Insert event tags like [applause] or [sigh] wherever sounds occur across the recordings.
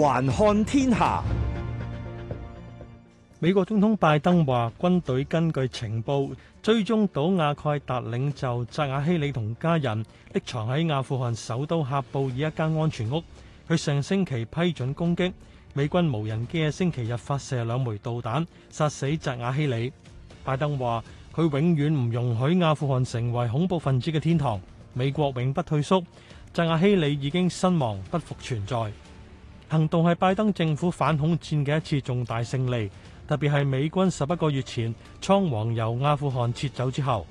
環看天下，美國總統拜登話：軍隊根據情報追蹤到阿蓋達領袖扎瓦希里同家人匿藏喺阿富汗首都喀布爾一間安全屋。佢上星期批准攻擊，美軍無人機喺星期日發射兩枚導彈，殺死扎瓦希里。拜登話：佢永遠唔容許阿富汗成為恐怖分子嘅天堂。美國永不退縮。扎瓦希里已經身亡，不復存在。行動係拜登政府反恐戰嘅一次重大勝利，特別係美軍十一個月前倉皇由阿富汗撤走之後，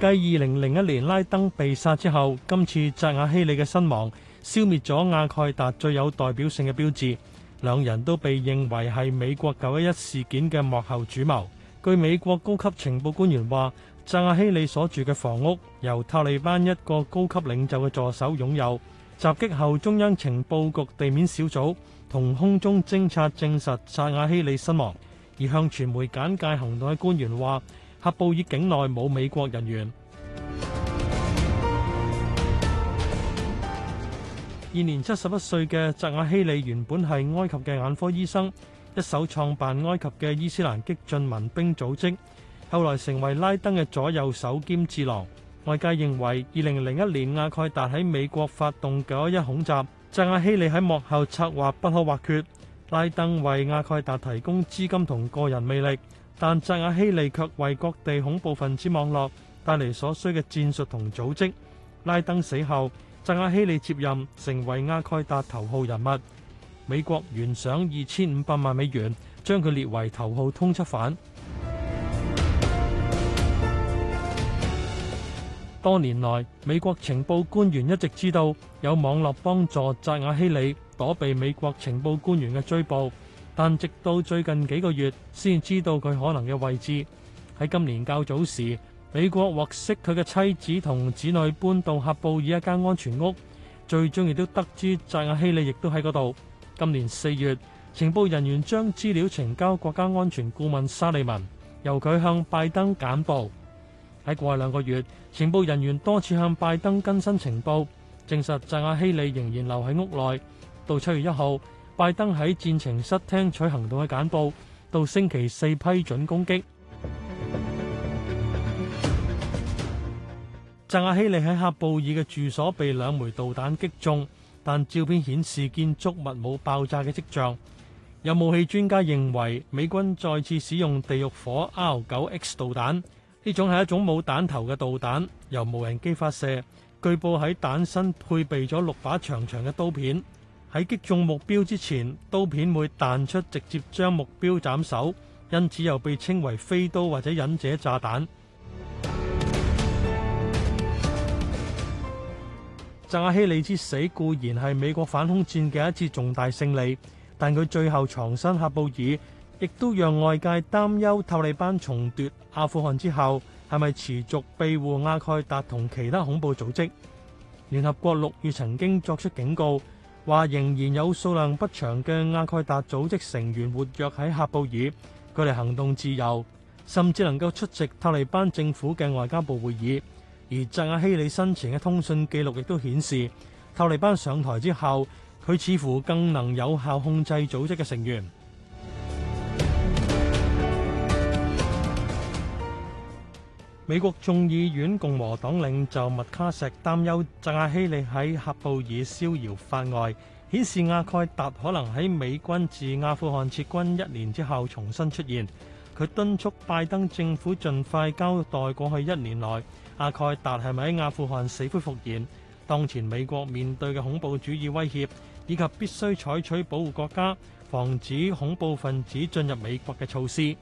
繼二零零一年拉登被殺之後，今次札瓦希里嘅身亡，消滅咗阿蓋達最有代表性嘅標誌。兩人都被認為係美國九一一事件嘅幕後主謀。據美國高級情報官員話。扎瓦希里所住嘅房屋由塔利班一個高級領袖嘅助手擁有。襲擊後，中央情報局地面小組同空中偵察證實扎瓦希里身亡，而向傳媒簡介行動嘅官員話，喀布爾境內冇美國人員。現年七十一歲嘅扎瓦希里原本係埃及嘅眼科醫生，一手創辦埃及嘅伊斯蘭激進民兵組織。後來成為拉登嘅左右手兼智囊，外界認為二零零一年阿蓋達喺美國發動九一一恐襲，札瓦希里喺幕後策劃不可或缺。拉登為阿蓋達提供資金同個人魅力，但札瓦希里卻為各地恐怖分子網絡帶嚟所需嘅戰術同組織。拉登死後，札瓦希里接任，成為阿蓋達頭號人物。美國懸賞二千五百萬美元，將佢列為頭號通緝犯。多年來，美國情報官員一直知道有網絡幫助札瓦希里躲避美國情報官員嘅追捕，但直到最近幾個月先知道佢可能嘅位置。喺今年較早時，美國獲悉佢嘅妻子同子女搬到喀布爾一間安全屋，最終亦都得知札瓦希里亦都喺嗰度。今年四月，情報人員將資料呈交國家安全顧問沙利文，由佢向拜登簡報。喺過去兩個月，情報人員多次向拜登更新情報，證實札瓦希里仍然留喺屋內。到七月一號，拜登喺戰情室聽取行動嘅簡報，到星期四批准攻擊。札瓦 [noise] 希里喺喀布爾嘅住所被兩枚導彈擊中，但照片顯示建築物冇爆炸嘅跡象。有武器專家認為，美軍再次使用地獄火 R 九 X 導彈。呢種係一種冇彈頭嘅導彈，由無人機發射。據報喺彈身配備咗六把長長嘅刀片，喺擊中目標之前，刀片會彈出，直接將目標斬首，因此又被稱為飛刀或者忍者炸彈。 [noise] 紮希里之死固然係美國反恐戰嘅一次重大勝利，但佢最後藏身喀布爾，亦都讓外界擔憂，塔利班重奪阿富汗之後，係咪持續庇護阿蓋達同其他恐怖組織？聯合國六月曾經作出警告，話仍然有數量不詳嘅阿蓋達組織成員活躍喺喀布爾，佢哋行動自由，甚至能夠出席塔利班政府嘅外交部會議。而札瓦希里生前嘅通訊記錄亦都顯示，塔利班上台之後，佢似乎更能有效控制組織嘅成員。美國眾議院共和黨領袖麥卡錫擔憂札瓦希里喺喀布爾逍遙法外，顯示阿蓋達可能喺美軍自阿富汗撤軍一年之後重新出現。佢敦促拜登政府盡快交代過去一年內阿蓋達係咪喺阿富汗死灰復燃，當前美國面對嘅恐怖主義威脅，以及必須採取保護國家、防止恐怖分子進入美國嘅措施。